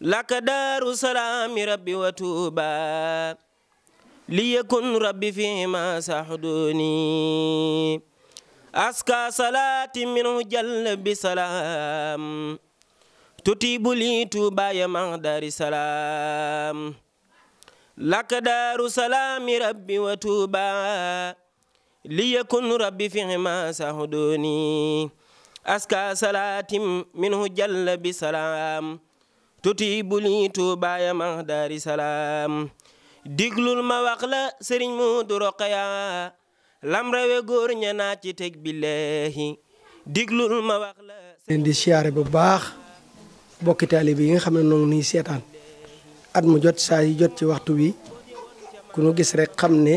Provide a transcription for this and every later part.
لك دار سلام ربي وتوبا ليكن ربي فيما سحدوني أسكى صلاة منه جل بسلام تطيب لي توبا يا دار سلام لك دار سلام ربي وتوبا ليكن ربي فيما سحدوني أسكى صلاة منه جل بسلام tuti bu lii tuubaaya ma daari diglul ma wax la sëriñ mu du roqaya lam góor ña naa ci teg billaahi diglul ma wax la leen di siyaare bu baax bokki taalibe yi nga xam ne noonu nii seetaan at mu jot saa yi jot ci waxtu wi ku nu gis rek xam ne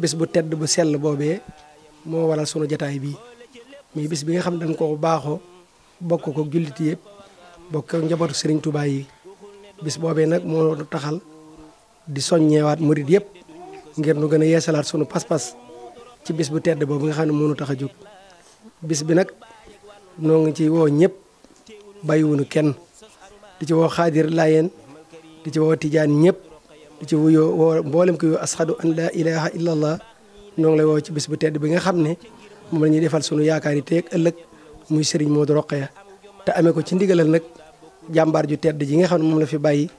bis bu tedd bu sell boobee moo waral sunu jataay bii muy bis bi nga xam ne dañ ko baaxoo bokk ko jullit yëpp bokk ak njabootu Serigne Touba yi bis boobee nag moo taxal di soññeewaat murit yëpp ngir nu gën a yeesalaat sunu pas-pas ci bis bu tedd boobu nga xam ne moo tax a jóg. bis bi nag noo ngi ci woo ñëpp bàyyiwunu kenn di ci woo xaadir laayeen di ci woo tijaan ñëpp ci wuyoo woo mboolem ko yu ashadu an ngi lay woo ci bis bu tedd bi nga xam ne moom la ñuy defal sunu yaakaar yi teeg ëllëg muy Serigne Modou Rokhaya te amee ko ci ndigalal nag jàmbaar ju tedd ji nga xam ne moom la fi bàyyi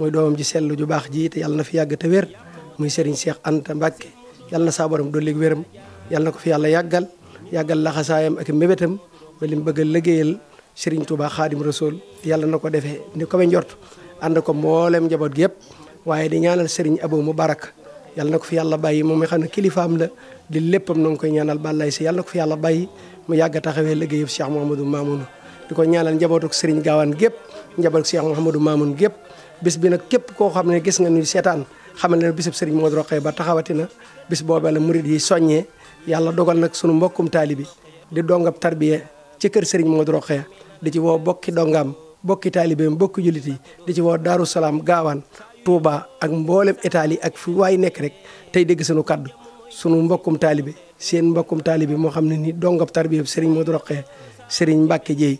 muy doomam ji sell ju baax ji te yàlla na fi yàgg te wér muy Serigne Cheikh Anta Mbacke yàlla na saa wéram yàlla na ko fi yàlla yàggal yàggal laxasaayam ak mébétam li mu bëgg a liggéeyal Serigne Touba Xaadim Rasool yàlla na ko defee ni ko njort ànd ko mboolem njaboot yëpp waaye di ñaanal Serigne Abou Moubarak yàlla na ko fi yàlla bàyyi moom mi xam ne kilifaam la di léppam na nga koy ñaanal bàllaay si yàlla na ko fi yàlla bàyyi mu yàgg a taxawee liggéeyam Cheikh Mouhamadou na di ko ñaanal njabootuk sëriñ Gaawaan gépp njabootuk Cheikh Mouhamadou Mamoun gépp bis bi nag képp koo xam ne gis nga ñuy seetaan xamal ne bisub Serigne Modou Rokhaya Ba taxawati na bis boobee la murid yi soññee yàlla dogal nag sunu mbokkum taalibi di dongab tarbiye ci kër Serigne Modou Rokhaya di ci woo bokki dongam bokki taalibeem bokki jullit di ci woo Daaru Salaam Gaawaan Touba ak mboolem Italie ak fu waay nekk rek tey dégg sunu kàddu sunu mbokkum taalibe seen mbokkum taalibe moo xam ne nii dongab tarbiye Serigne Modou Rokhaya Serigne Mbacke Dieye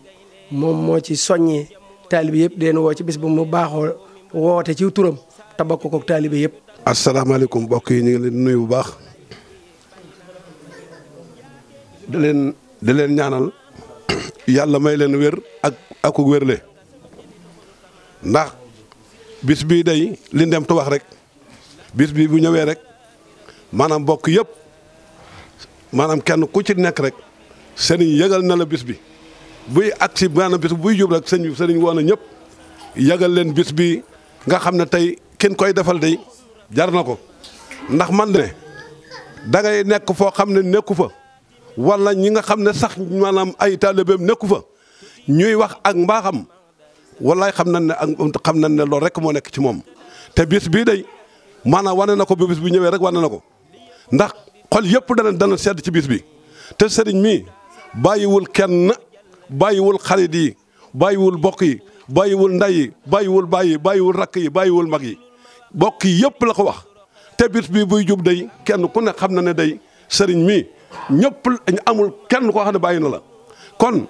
moom moo ci soññee taalibe yëpp deen woo ci bis bu mu baaxoo woote ci turam tabakku kook koog taalibe yëpp. asalaamaaleykum mbokk yi ñu ngi leen nuyu bu baax di leen di leen ñaanal yàlla may leen wér ak ak wérle ndax bis bii day li dem tubax rek bis bi bu ñëwee rek maanaam mbokk yépp maanaam kenn ku ci nekk rek sëriñ yëgal na la bis bi. buy agsi maanaam bis buy jub rek sëñ bi sëriñ woon na ñëpp yagal leen bis bi nga xam ne tey kenn koy defal day jar na ko ndax man ne dangay nekk foo xam ne nekku fa wala ñi nga xam ne sax maanaam ay taalibeem nekku fa ñuy wax ak mbaaxam wallaay xam nañ ne ak xam nañ ne loolu rek moo nekk ci moom te bis bii dey maanaam wane na ko ba bis bu ñëwee rek wane na ko ndax xol yëpp dana dana sedd ci bis bi te sëriñ mi bàyyiwul kenn bàyyiwul xarit yi bàyyiwul bokk yi bàyyiwul nday yi bàyyiwul bàyyi bàyyiwul rakk yi bàyyiwul mag yi bokk yi yëpp la ko wax te bis bi buy jub day kenn ku nekk xam na ne day sëriñ mi ñëpp amul kenn koo xam ne bàyyi na la kon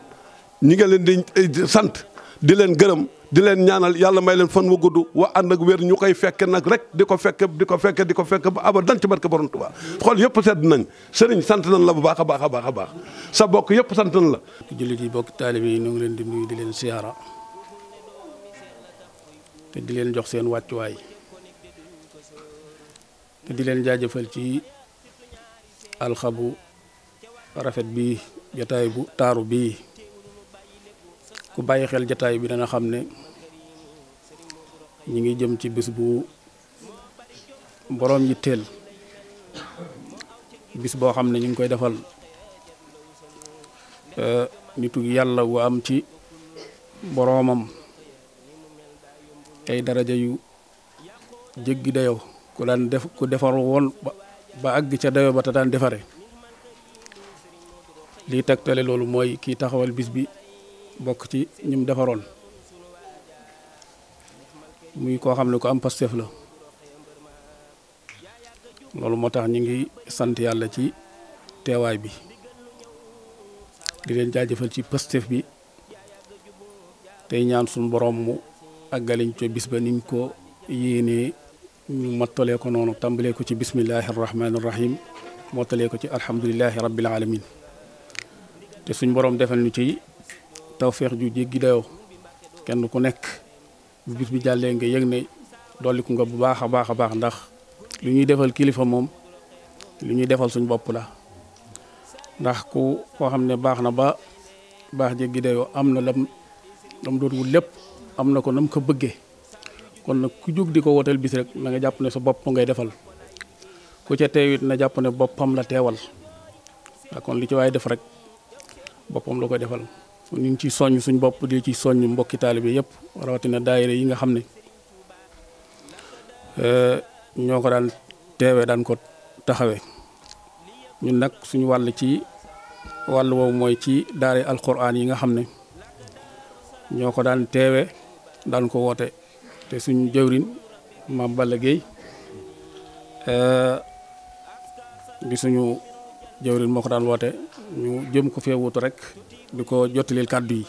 ñi nga leen di sant di leen gërëm di leen ñaanal yàlla may leen fan wu gudd wa ànd ak wér ñu koy fekke nag rek di ko fekk di ko fekke di ko fekke ba abadan ci barke borom Tuubaa xool yëpp sedd nañ sëriñ sant nañ la bu baax a baax a baax baax sa bokk yëpp sant nañ la jullit yi bokk taalib yi ñu ngi leen di nuyu di leen siyaara te di leen jox seen wàccuwaay te di leen jaajëfal ci alxabu rafet bi jataay bu taaru bii bàyyi xel jataay bi dana xam ne ñu ngi jëm ci bis bu boroom yitteel bis boo xam ne ñu ngi koy defal e, nitug yàlla wu am ci boroomam ay daraja yu jéggi dayo ku daan def ku defar woon ba àgg ca dayo ba te daan defare lii tegtale loolu mooy kii taxawal bis bi bokk ci ñum defaroon muy koo xam ne ko am Pastef la loolu moo tax ñu ngi sant yàlla ci teewaay bi di leen jaajëfal ci Pastef bi tey ñaan suñu borom mu àggaliñ ca bis ba niñ ko yéenee ñu mottalee ko noonu tàmbalee ko ci bismillahi rahmaani rahim mottalee ko ci alhamdulillahi rabbil alamin te suñ borom defal ñu ci taw feex ju jéggi dayoo kenn ku nekk bu bis bi jàllee nga yëg ne dolliku nga bu baax a baax a baax ndax lu ñuy defal kilifa moom lu ñuy defal suñ bopp la ndax ku koo xam ne baax na ba baax jéggi dayoo am na lam lam doon wut lépp am na ko nam ko bëggee kon nag ku jóg di ko wooteel bis rek na nga jàpp ne sa bopp ngay defal ku ca teewit na jàpp ne boppam la teewal kon li ci waaye def rek boppam la koy defal ñu ngi ciy soññ suñ bopp di ci soññ mbokki taalibe yëpp rawatina daayira yi nga xam ne eh, ñoo ko daan teewee daan ko taxawee ñun nag suñu wàll ci wàll woowu mooy ci daare alquran yi nga xam ne ñoo ko daan teewe daan ko woote te suñ jëwrin maam Balla Gueye bi eh, jëwrin moo ko daan woote ñu jëm ko fee rek di ko jottalil kàddu yi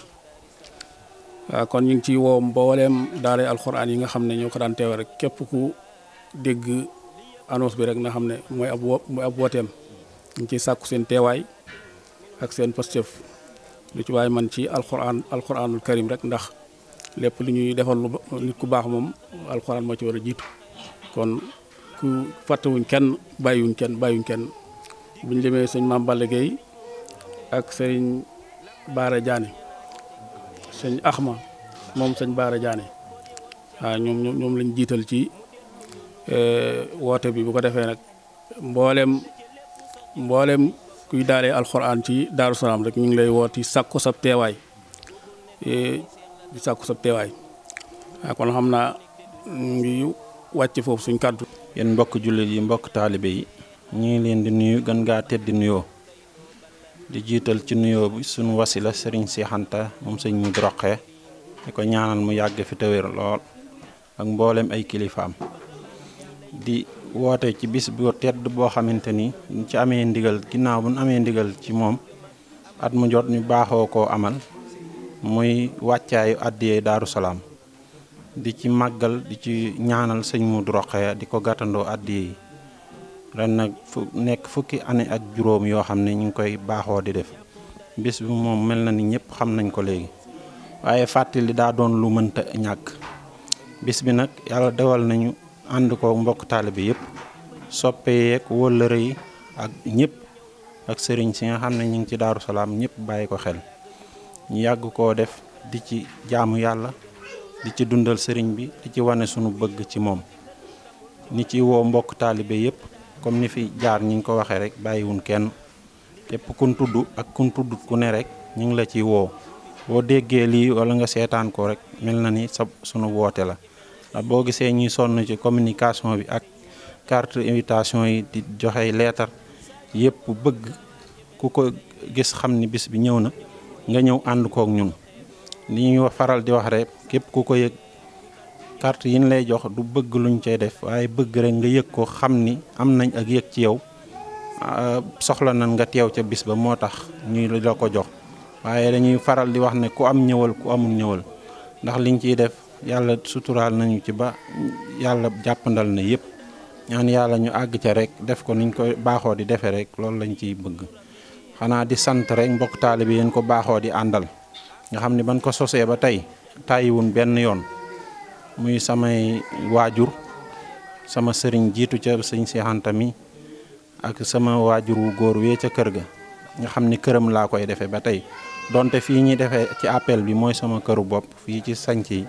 waaw kon ñu ngi ciy woo mbooleem daara alxuraan yi nga xam ne ñoo ko daan teewe rek képp ku dégg annonce bi rek nga xam ne mooy ab wo ñu ciy sàkku seen teewaay ak seen postef lu ci waay man ci alxuraan alxuraanul karim rek ndax lépp lu ñuy defal lu ku baax moom alxuraan moo ci war a jiitu kon ku fàttewuñ kenn bàyyiwuñ kenn bàyyiwuñ kenn buñ demee sëñ Maam Balla ak sëriñ Baara Diané sëñ Axma moom sëñ Baara jaane waaw ñoom ñoom lañ jiital ci euh, woote bi bu ko defee nag mboolem mboolem kuy daalee alxuraan ci Daaru Salaam rek ñu ngi lay wooti sàkku sab teewaay di sàkku sab teewaay waaw kon xam naa ngi wàcc foofu suñ kàddu yéen mbokk jullit yi mbokk taalibe yi ñu ngi leen di nuyu gën ngaa tedd di nuyoo di jiital ci nuyoo bi sunu wasila sëriñ Seex moom sëñ mu roqee di ko ñaanal mu yàgg fi tawér lool ak mboolem ay kilifaam di woote ci bis bu tedd boo xamante ni ci amee ndigal ginnaaw bu ñu amee ndigal ci moom at mu jot ñu baaxoo koo amal muy wàccaayu àddiyee Daaru Salaam di ci màggal di ci ñaanal sëñ mu roqee di ko gàttandoo àddiyee yi ren nag fu nekk fukki année ak juróom yoo xam ne ñu ngi koy baaxoo di def bis bi moom mel na ni ñëpp xam nañ ko léegi waaye fàttali daa doon lu mënta ñàkk bis bi nag yàlla dewal nañu ànd ko mbokk taalibe bi yëpp soppe yeeg wóllëre yi ak ñëpp ak sëriñ si nga xam ne ñu ngi ci Daaru Salaam ñëpp bàyyi ko xel ñu yàgg koo def di ci jaamu yàlla di ci dundal sëriñ bi di ci wane sunu bëgg ci moom ni ci woo mbokk taalibe yëpp comme ni fi jaar ñi ngi ko waxee rek bàyyiwun kenn képp kun tudd ak kun tudd ku ne rek ñu ngi la ci woo boo déggee lii wala nga seetaan ko rek mel na ni sa sunu woote la ndax boo gisee ñuy sonn ci communication bi ak carte invitation yi di joxe leetar yëpp bëgg ku ko gis xam ni bis bi ñëw na nga ñëw ànd kook ñun li ñuy wax faral di wax rek képp ku ko yëg carte yi lay jox du bëgg luñ cee def waaye bëgg rek nga yëg ko xam ni am nañ ak yëg ci yow euh, soxla nañ nga teew ca bis ba moo tax ñuy la ko jox waaye dañuy faral di wax ne ku am ñëwal ku amul ñëwal ndax liñ ciy def yàlla suturaal nañu ci ba yàlla jàppandal na yëpp ñaan yàlla ñu àgg ca rek def ko niñ koy baaxoo di defee rek loolu lañu ciy bëgg xanaa di sant rek mbokk taalibe yéen ko baaxoo di àndal nga xam ne ban ko sosee ba tey tàyyiwun benn yoon muy samay waajur sama sëriñ jiitu ca sëñ Cheikh Anta ak sama waajur wu góor wee ca kër ga nga xam ni këram laa koy defee ba tey donte fii ñuy defee ci appel bi mooy sama këru bopp fii ci sanc yi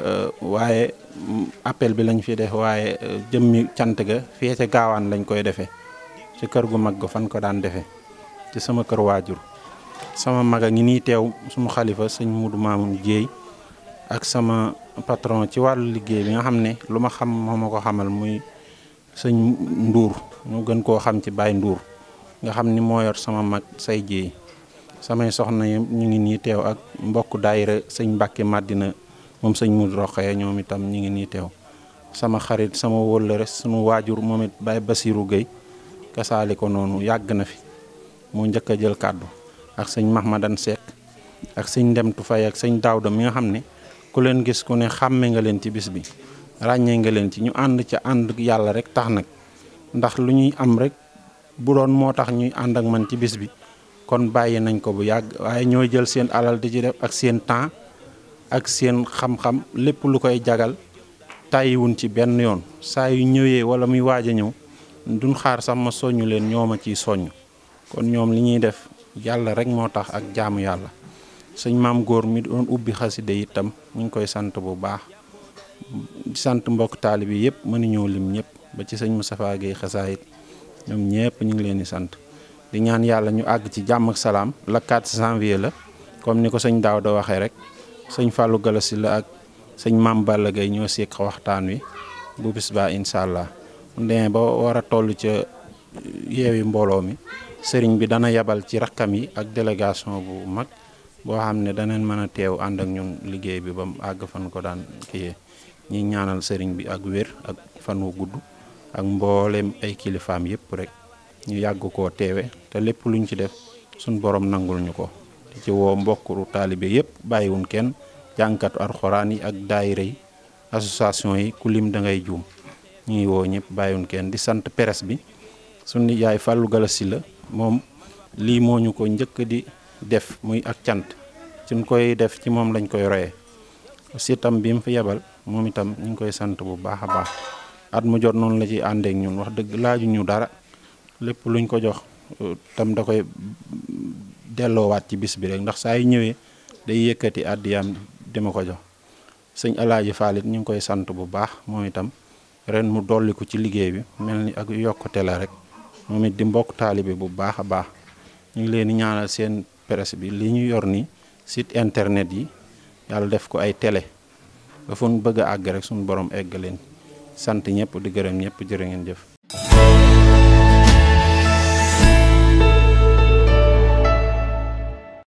euh, waaye appel bi lañu fi def waaye euh, jëmmi cant ga fii ca gaawaan lañ koy defee ci kër gu mag ga fan ko daan defee ci sama kër waajur sama mag a ngi nii teew sumu xalifa sëñ Mudu Maamun Jéey ak sama patron ci wàllu liggéey bi nga xam ne lu ma xam moom ma ko xamal muy sëñ Ndour moo gën koo xam ci Baye nduur nga xam ni moo yor sama mag say jéey samay soxna yi ñu ngi nii teew ak mbokk daayira sëñ Mbàkke màddina moom sëñ Modu Roqaya ñoom itam ñu ngi nii teew sama xarit sama wóllëre sunu waajur moom it Baye Basiru Gueye kasaali ko noonu yàgg na fi moo njëkk a jël kàddu ak sëñ Mahmadan Seck ak sëñ Ndemtu Fay ak sëñ Daawda mi nga xam ne ku leen gis ku ne xàmmee nga leen ci bis bi ràññee nga leen ci ñu ànd ca ànd yàlla rek tax nag ndax lu ñuy am rek buroon moo tax ñuy ànd ak man ci bis bi kon bàyyi nañ ko bu yàgg waaye ñoo jël seen alal di ci def ak seen temps ak seen xam-xam lépp lu koy jagal tàyyiwuñ ci benn yoon saa yu ñëwee wala muy waaj a ñëw duñ xaar sax ma soññu leen ñoo ma ciy soññ kon ñoom li ñuy def yàlla rek moo tax ak jaamu yàlla sëñ maam góor mi doon ubbi xasida itam ñu ngi koy sant bu baax sant mbokk taalibe yi yëpp mënuñoo lim ñëpp ba ci sëñ Moustapha Guèye xasaayit ñoom ñëpp ñu ngi leen di sant di ñaan yàlla ñu àgg ci jàmm ak salaam la 4 janvier la comme ni ko sëñ daaw da waxee rek sëñ Fallou Galasi la ak sëñ maam Balla gay ñoo seq waxtaan wi bu bis ba incha allah mu demee ba war a toll ca yeewi mbooloo mi sëriñ bi dana yabal ci rakkam yi ak délégation bu mag. boo xam ne danañ mën a teew ànd ak ñun liggéey bi ba mu àgg fan ko daan kiyee ñi ñaanal sëriñ bi ak wér ak fan wu gudd ak mbooleem ay kilifaam yëpp rek ñu yàgg koo teewe te lépp lu luñ ci def suñ borom nangul ñu ko ci woo mbokku taalibe yëpp bàyyiwun kenn jànkatu alxuraan yi ak daayira yi association yi ku lim da ngay juum ñuy woo ñëpp bàyyiwun kenn di sant peres bi suñu yaay Fallou Gallassi la moom lii moo ñu ko njëkk di def muy ak cant suñ koy def ci moom lañ koy royee aussi itam bi mu fi yebal moom itam ñu koy sant bu baax a baax at mu jot noonu la ci àndeek ñun wax dëgg laaju ñu dara lépp luñ ko jox tam da koy delloowaat ci bis bi rek ndax saa yu ñëwee day yëkkati àddiyaam dima ko jox sëñ alaaji faalit ñu ngi koy sant bu baax moom itam ren mu dolliku ci liggéey bi mel ni ak yokkute la rek moom it di mbokk taalibe bu baax a baax ñu ngi leen di ñaanal seen presse bi li ñuy yor ni site internet yi yàlla def ko ay tele ba fu ñu bëgg a àgg rek suñu borom egg leen sant ñëpp di gërëm jër jërë ngeen jëf